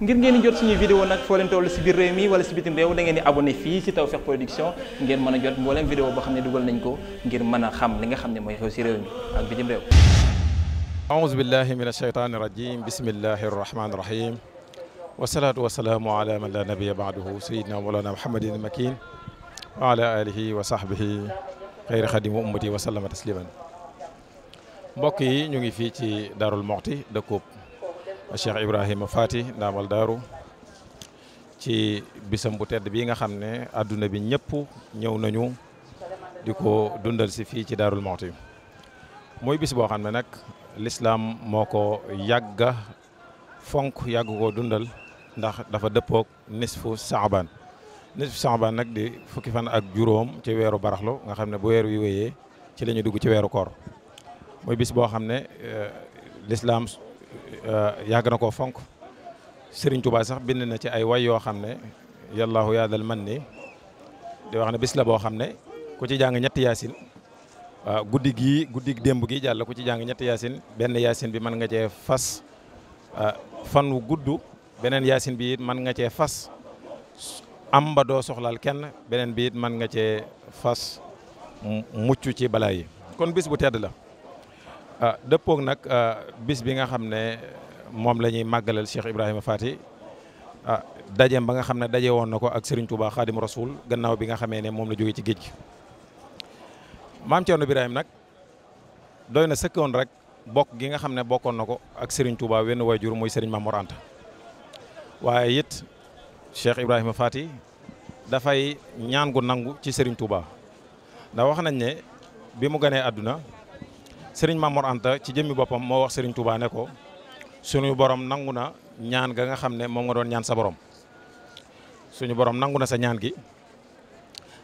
ngir ngeen di jot suñuy vidéo nag foo leen toll si biir réew mi wala si bitim réew da ngeen di abonné fii si Tawfekh Production ngeen mën a jot mbooleem vidéo boo xam ne dugal nañ ko ngir mën a xam li nga xam ne mooy xew si réew mi ak bitim réew aouzu billahi min asheytaani rajim bismillahi arrahmani irrahim wasalaatu wasalaamu ala man la nabiya ba'dahu sayidina mawlana muhammadin makin wa ala alihi wa sahbihi xayri xadimi ummati wa sallama tasliman mbokk yi ñu ngi fii ci Darou Mouhty dëkkub Cheikh Ibrahima Fati ndaamal daaru ci bisam bu tedd bii nga xam ne àdduna bi ñëpp ñëw nañu di ko dundal si fii ci Daarul Muxti muy bis boo xam ne nag lislaam moo ko yàgga fonk yàgg koo dundal ndax dafa dëppook nisfu saaban nisfu saaban nag di fukki fan ak juróom ci weeru baraxlu nga xam ne bu weer wi wéyee ci lañuy dugg ci weeru koor muy bis boo xam ne euh, lislaam Euh, yàgg na koo fonk Serigne Touba sax bind na ci ay way yoo xam ne yallaahu yaadal man ni di wax ne bis la boo xam ne ku ci jàng ñetti yaasin waaw guddi gii guddi démb gii jàll ku ci jàng ñetti yaasin benn yaasin bi mën nga cee fas euh, fan wu gudd beneen yaasin bi mën nga cee fas am ba doo soxlaal kenn beneen bi it mën nga cee fas mucc ci balaa yi kon bis bu tedd la Euh, dëppook nag euh, bis bi nga xam ne moom la ñuy màggalal Cheikh Ibrahima Fati ah dajeem ba nga xam ne daje woon na ko ak Serigne Touba Khadim Rasoul gannaaw bi nga xamee ne moom la jóge ci géej gi maam Thierno Birahim nag doy na sëkkoon rek bokk gi nga xam ne bokkoon na ko ak sëriñ Touba wenn waajur muy Serigne Mamour Anta waaye it Cheikh Ibrahima Fati dafay ñaan gu nangu ci sëriñ Touba ndax wax nañ ne bi mu ganee àdduna. sëriñ Mamor Anta ci jëmmi boppam moo wax sëriñ Touba ko suñu borom nangu na ñaan ga nga xam ne moom nga doon ñaan sa borom suñu borom nangu na sa ñaan gi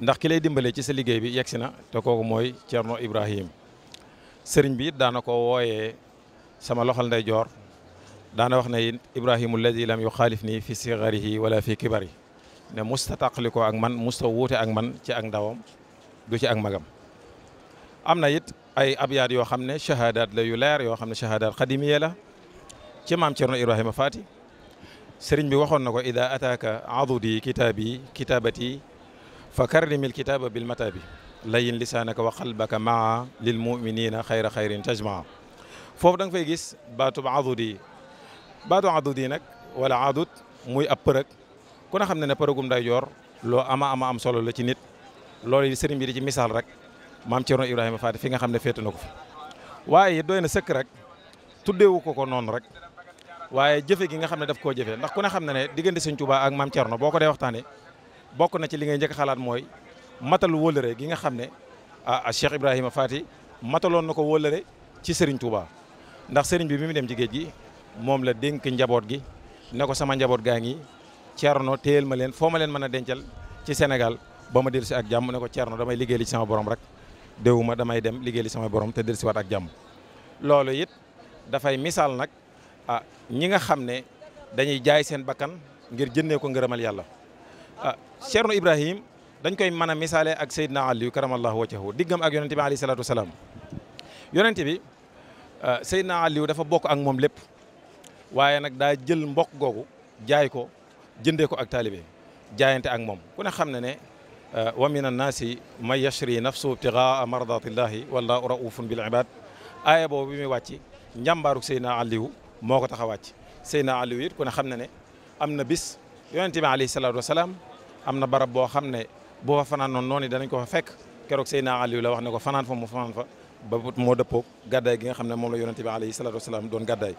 ndax ki lay dimbale ci sa liggéey bi yegsi na te kooku mooy Thierno Ibrahim sëriñ bi it daana ko wooyee sama loxol ndeyjoor joor daana wax na ne Ibrahimu alladi yu yuxaalif nii fi sigarihi wala fi yi ne musta tàqalikoo ak man musta wuute ak man ci ak ndawam du ci ak magam am na it ay abyaat yoo xam ne shahadaat la yu leer yoo xam ne shahadaat xadimiya la ci maam Cerno Ibrahima Faati sëriñ bi waxoon na ko ida ataaka adudi kitaabi kitaabati fa karrimil kitaaba bil mataabi layin lisaanaka wa qalbaka maa lil muminina xayra xayrin tajmaa foofu da nga fay gis baatub adudi baatu adudi nag wala adut muy ab përëg ku na xam ne ne përëgum day joor loo ama ama am solo la ci nit loolu sëriñ bi di ci misaal rek maam Thierno Ibrahima Faty fi nga xam ne féete na ko fi waaye doy na sëkk rek tuddeewu ko ko noonu rek waaye jëfe gi nga xam ne daf koo jëfee ndax ku ne xam ne ne diggante sëñ Touba ak maam Thierno boo ko dee waxtaanee bokk na ci li ngay njëkk xalaat mooy matalu wóllëre gi nga xam ne ah, ah Cheikh Ibrahima Faty mataloon na ko wóllëre ci Serigne Touba ndax sëriñ bi bi mu dem ci géej gi moom la dénk njaboot gi ne ko sama njaboot gaa ngi Thierno téyel ma leen foo ma leen mën a dencal ci Sénégal ba ma dellu si ak jàmm ne ko damay liggéey sama borom rek. déwuma damay dem liggéey li sama borom te dellusiwaat ak jàmm loolu it dafay misaal nag ah ñi nga xam ne dañuy jaay seen bakkan ngir jëndee ko ngërëmal yàlla ah Cerno Ibrahim dañ koy mën a misaale ak Seydina Aliyu karamallahu wajhahu diggam ak yonente bi alayhi salaatu wasalaam yonente bi ah, Seydina Aliyu dafa bokk ak moom lépp waaye nag daa jël mbokk googu jaay ko jënde ko ak taalibe jaayante ak moom ku ne xam ne ne wa min annaasi man yashri nafsu ibtigaa mardatillahi wallahu raufun bil ibad aaya boobu bi muy wàcc njàmbaaruk Seydina Aliou moo ko tax a wàcc Seydina Aliou it ku ne xam na ne am na bis yonente bi alayhi salaatu wasalaam am na barab boo xam ne boo fa fanaan noonu noonu danañ ko fa fekk keroog Seydina Aliou la wax ne ko fanaan fa mu fanaan fa ba moo dëppoog gàddaay gi nga xam ne moom la yonente bi alayhi salaatu wasalaam doon gàddaay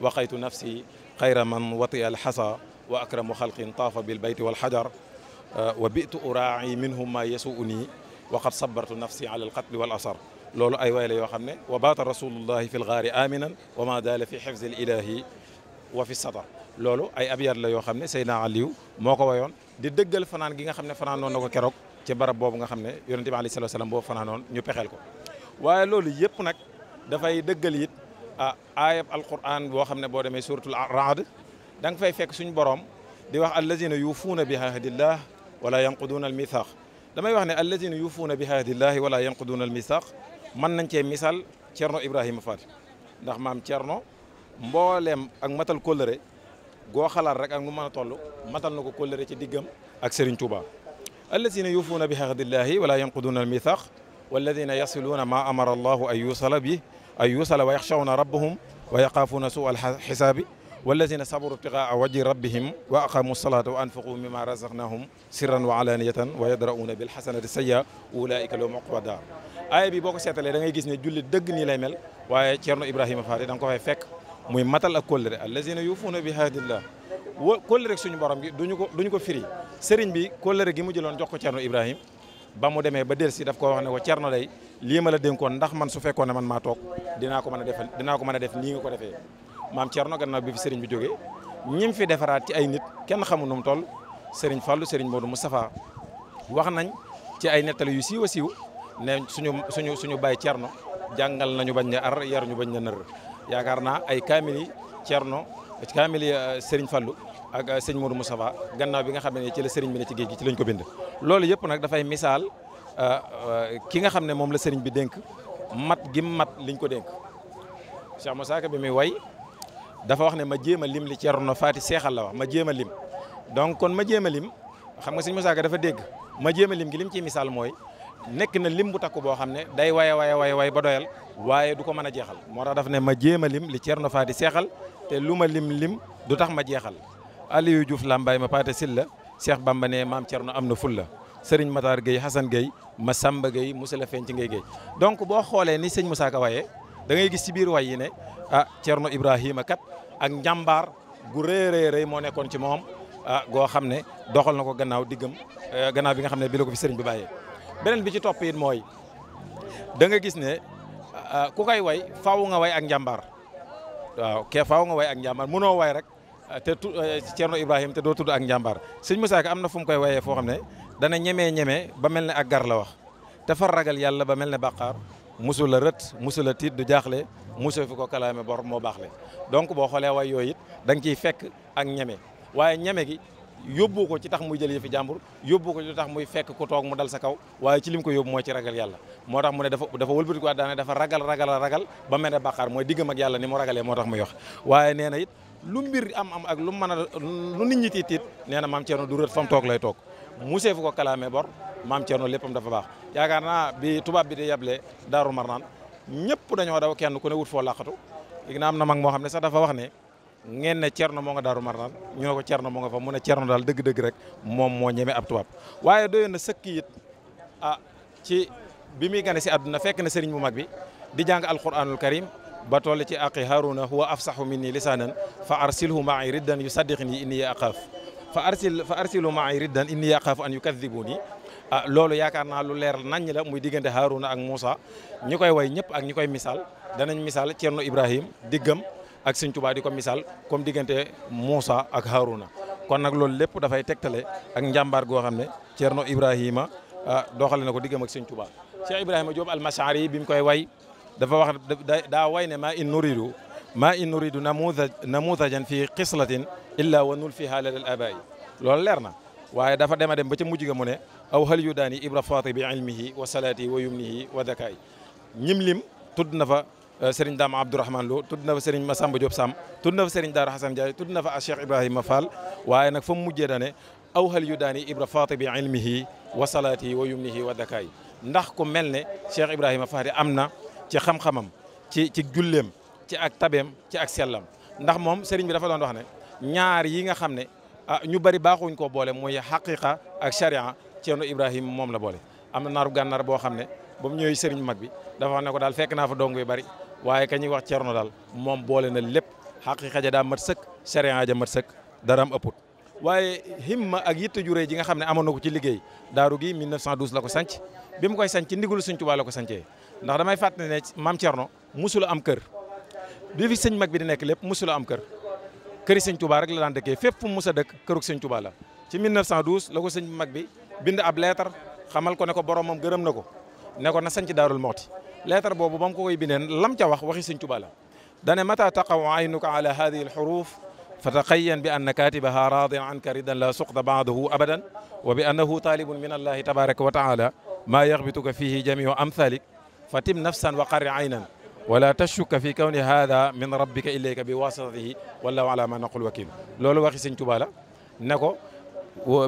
waqaytu nafsi xayra man wati alxasa wa akramu xalqin taafa bil bayti walxajar wa bitu uraai minhum ma yasuu nii waqad sabartu nafsi ala alqatli wal asar loolu ay way la yoo xam ne wa baata rasulullahi fi lgaari aminan wa ma daala fi xifzi alilahi wa fi satar loolu ay abiyat la yoo xam ne Seydina Aliou moo ko wayoon di dëggal fanaan gi nga xam ne fanaanoon na ko keroog ci barab boobu nga xam ne yonente bi alayhi salaatu salaam boobu fanaanoon ñu pexeel ko waaye loolu yëpp nag dafay dëggal it ah aayab alquran boo xam ne boo demee suratul raad da nga fay fekk suñu borom di wax allazina yuufuuna bi ahadillah wala yanquduuna al misaaq damay wax ne alladina yufuuna bi ahdillahi wala yanquduuna al misaaq mën nañ cee misaal Cerno Ibrahima Faty ndax maam Cerno mbooleem ak matal kóllëre goo xalaat rek ak mu mën a toll matal na ko kóllëre ci diggam ak Serigne Touba alladina yufuuna bi ahdillahi wala yanquduuna al misaaq walladina yasiluuna ma amara allahu an yusala bi an yusala wa yaxshawna rabbahum wa yaqaafuuna suu al xisaabi wallazina sabaru ibtigaa wajhi rabbihim wa aqamu salata wa anfaqu mimma razaqnahum sirran wa alaniyatan wa yadra'una bil hasanati sayya ulaika lahum uqba dar aaya bi boo ko seetalee da ngay gis ne julli dëgg nii lay mel waaye Ceerno Ibrahima Faati da nga ko fay fekk muy matal ak kóllëre allazina yuufuuna bi ahdillah wa kóllëre suñu borom gi duñu ko duñu ko firi sëriñ bi kóllëre gi mu jëloon jox ko Ceerno Ibrahima ba mu demee ba del si daf ko wax ne ko Ceerno lay lii ma la dénkoon ndax man su fekkoon ne man maa toog dinaa ko mën a defal dinaa ko mën a def nii nga ko defee maam Thierno gannaaw bi fi sëriñ bi jógee ñim fi defaraat ci ay nit kenn xamu nu mu toll sëriñ fallu sëriñ Modou Moustapha wax nañ ci ay nettali yu siiw a ne suñu suñu suñu baay Thierno jàngal nañu bañ ne ar ñu bañ ne nër yaakaar naa ay kaamil yi Thierno kaamil yi euh, sëriñ Fallou ak euh, sëñ Modou Moustapha gannaaw bi nga xam ne ci la sëriñ bi ne ci géej gi ci lañ ko bind. loolu yëpp nag dafay misaal euh, ki nga xam ne moom la sëriñ bi dénk mat gi mat liñ ko dénk Cheikh Moussa bi muy way dafa wax ne ma jéem a lim li Ceerno Faati seexal la wax ma jéem a lim donc kon ma jéem a lim xam nga sëñ Musaa Ka dafa dégg ma jéem a lim gi lim ci misaal mooy nekk na lim bu takku boo xam ne day waye waye waye waye ba doyal waaye du ko mën a jeexal moo tax daf ne ma jéem a lim li Ceerno Faati seexal te lu ma lim lim du tax ma jeexal Aliou Diouf Lambaye ma Paate Silla Cheikh Bamba ne maam Ceerno am na fulla Serigne Matar Gueye Hassan Gueye Massamba Gueye Moussa la Fenc Gueye Gueye donc boo xoolee ni sëñ Musaa Ka waye da ngay gis ci biir way yi ne ah Thierno Ibrahima kat ak njàmbaar gu rëy rëy moo nekkoon ci moom ah goo xam ne doxal na ko gannaaw diggam eh, gannaaw bi nga xam ne bi ko fi sëriñ bi bàyyee. beneen bi ci topp it mooy da nga gis ne ah, ku koy way faaw nga way ak njàmbaar waaw ke faaw nga way ak njàmbaar munoo way rek ah, te tu eh, Thierno Ibrahima te doo tudd ak njàmbaar sëñ Moussa Ka am na fu mu koy wayee foo xam ne dana ñemee ñeme ba mel ne ak gar la wax te far ragal yàlla ba mel ne bàqaar musul la rët musul la tiit du jaaxle musul fi ko kalaame bor moo baax le donc boo xoolee way yooyu it da nga ciy fekk ak ñeme waaye ñeme gi yóbbu ko ci tax muy jël yëfi jàmbur yóbbu ko ci tax muy fekk ku toog mu dal sa kaw waaye ci lim ko yóbbu mooy ci ragal yàlla moo tax mu ne dafa dafa wëlbati ko daanaka dafa ragal ragal ragal ba mel ne bàqaar mooy diggam ak yàlla ni mu ragalee moo tax muy wax waaye nee na it lu mbir am am ak lu mën a lu nit tiit tiit nee na du rët fa mu toog lay toog musee fu ko kalaame bor maam Thierno léppam dafa baax yaakaar naa bi tubaab bi de yable Daaru Marnaan ñëpp dañoo daw kenn ku ne wut foo laqatu léegi na am na mag moo xam ne sax dafa wax ne ngeen ne Thierno moo nga Daaru Marnaan ñoo ko ko Thierno moo nga fa mu ne Thierno daal dëgg-dëgg rek moom moo ñeme ab tubaab waaye doyoon na sëkk it ah ci bi muy gane si àdduna fekk na sëriñ mu mag bi di jàng alquranul karim ba toll ci aqi Haruna huwa afsahu minni lisaanan fa arsilhu ma'i riddan yusaddiqni inni aqaaf fa arsil fa arsilu maay riddan inni yaqaafu an yukadibuni ah loolu yaakaar naa lu leer naññ la muy diggante Haaruna ak Moussa ñi koy way ñëpp ak ñi koy misaal danañ misaal Ceerno Ibrahim diggam ak Sëñ Tuubaa di ko misaal comme diggante Moussa ak Haaruna kon nag loolu lépp dafay tegtale ak njàmbaar goo xam ne Ceerno Ibrahima ah, doxale na ko diggam ak Sëñ Tuubaa Cheikh Ibrahima Diop al Mashaari bi mu koy way dafa wax daa way ne maa in nuridu maa in nuridu namuda namudajan fi xislatin illa wa nulfiha lil abaay loolu leer na waaye dafa dema dem ba ca mujj ga mu ne aw hal yu daani ibra faati bi ilmihi wa salaati wa yumnihi wa dakaay ñim lim tudd na fa euh, sëriñ daam abdourahman lo tudd na fa ma samba diop sam tudd na fa sëriñ daara hasan diaye tudd na fa a cheikh ibrahima fall waaye nag fa mu mujjee dane aw hal yu daani ibra faati bi ilmihi wa salaati wa yumnihi wa dakaay ndax ko mel ne cheikh ibrahima faati am na ci xam ci ci julleem ci ak tabeem ci ak sellam ndax moom sëriñ bi dafa doon wax ne ñaar yi nga xam ne ah ñu bari baaxuñ ko boole mooy xaqiqa ak sharia Ceerno Ibrahima moom la boole. am na naaru gànnar boo xam ne ba mu ñëwee sëriñ mag bi dafa wax ne ko daal fekk naa fa dong yu bari waaye ka ñuy wax Ceerno daal moom boole na lépp xaqiqa ja daa mat sëkk sharia ja mat sëkk dara am ëpput. waaye himma ak yitte jure ji nga xam ne amoon na ko ci liggéey daaru gi 1912 la ko sanc bi mu koy sanc ndigalu Sëriñ Tuubaa ko sancee ndax damay fàttali ne maam Thierno musula am kër bi fi sëñ mag bi di nekk lépp mosula am kër këri sëñ Touba rek la daan dëkkee fépp fu mu mos a dëkk këruk sëñ Touba la ci 1912 la ko sëñ mag bi bind ab leetar xamal ko ne ko boromam gërëm na ko ne ko na sanc daarul moxti leetar boobu ba mu ko koy bindee lam ca wax waxi sëñ Touba la dane mata taqaw aynuka ala wa bi annahu taalibun min allahi tabaraka wa taala maa yaxbituka fihi jamiu amthalik fatim nafsan wa qarri aynan wala tashukka fi kawni hada min rabbika ilayka bi wasitatihi wallahu ala ma naqul wakil loolu waxi sëñ Tuubaa la ne ko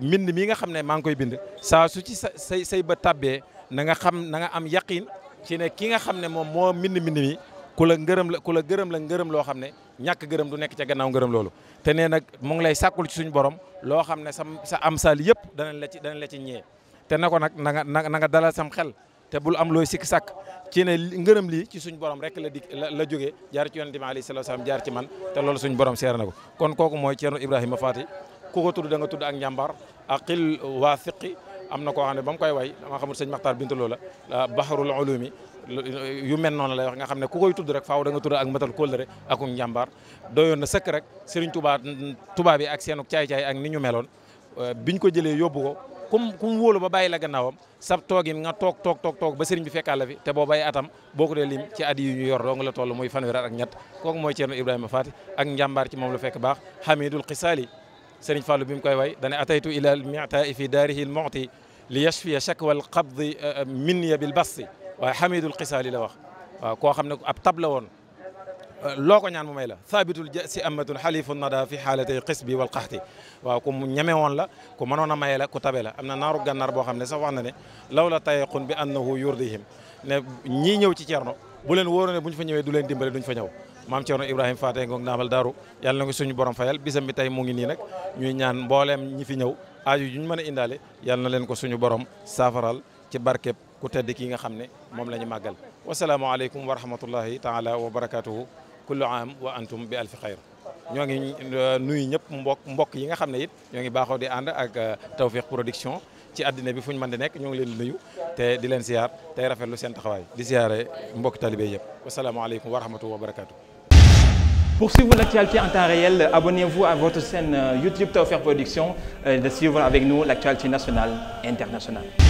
mbind mii nga xam ne maa ngi koy bind saa su ci sa say say ba tabbee na nga xam nanga am yaqin ci ne ki nga xam ne moom moo mbind mbind mi ku la ngërëm la ku gërëm la ngërëm loo xam ne ñàkk gërëm du nekk ca gannaaw ngërëm loolu te nee nag mu ngi lay sàkkul ci suñu borom loo xam ne sa sa am sal yëpp danañ la ci danañ la ci ñee te na ko nag na na nga dalal sam xel te bul am looy sikki sàkk ci ne ngërëm lii ci suñ borom rek la di la jógee jaar ci yonent bi alayhi salaam jaar ci man te loolu suñ borom seer na ko kon kooku mooy Ceerno Ibrahima Faati ku ko tudd da nga tudd ak njàmbaar aqil waasiqi am na koo xam ne ba mu koy way dama xamul sëñ Maxtaar Bintu loola baharul ulumi yu mel noonu lay wax nga xam ne ku koy tudd rek faaw da nga tudd ak matal rek ak njàmbaar doyoon na sëkk rek Serigne Touba Touba bi ak seenu caay-caay ak ni ñu meloon euh, biñ ko jëlee yóbbu ko kum kum wóolu ba bàyyi la gannaawam sab toogin nga toog toog toog toog ba sëriñ bi fekkaat la fi te boo bàyyi atam boo ko dee lim ci at yu ñu yor dong la toll muy fanweer ak ñett kooku mooy Ceerno Ibrahima Faty ak njàmbaar ci moom la fekk baax Hamidul Xisaali sëriñ Fallou bi mu koy way dane ataytu ila almitai fi daarihi almuti li yashfiya shakwa alqabdi euh, minniya bilbasti waaye Hamidul Xisaali la wax waaw koo xam ne ab tab la woon loo ko ñaan mu may la saabitul ja si amatun xalifu nada fi xaalatay xis bi wal xaxti waaw ku mu ñeme woon la ku mënoon a maye la ku tabe la am na naaru gànnaar boo xam ne sax wax na ne law la tayaqun bi annahu yurdihim ne ñii ñëw ci Ceerno bu leen wóoroo ne bu ñu fa ñëwee du leen dimbale duñ fa ñëw maam Ceerno Ibrahima Faate ngoog naamal daaru yàlla na borom fayal bisam bi tey mu ngi nii nag ñuy ñaan mbooleem ñi fi ñëw aaju juñ mën a indaale yàlla na leen ko suñu borom saafaral ci barkeb ku tedd ki nga xam ne moom la ñu màggal wasalaamaaleykum wa rahmatullahi taala wa barakatuhu kullu am wa antum bi alfi xayr ñoo ngi euh, nuyu ñëpp mbokk mbokk yi nga xam ne it ñoo ngi baaxoo di ànd ak euh, Tawfekh Production ci àddina bi fuñ ñu mën nekk ñoo ngi leen nuyu te di leen siyaar tey rafetlu seen taxawaay di siyaare mbokk talibé yëpp wasalaamaaleykum wa rahmatulah wa barakaatu. Pour suivre l'actualité en temps réel, abonnez-vous à votre chaîne euh, YouTube Tawfekh Production et de suivre avec nous l'actualité nationale internationale.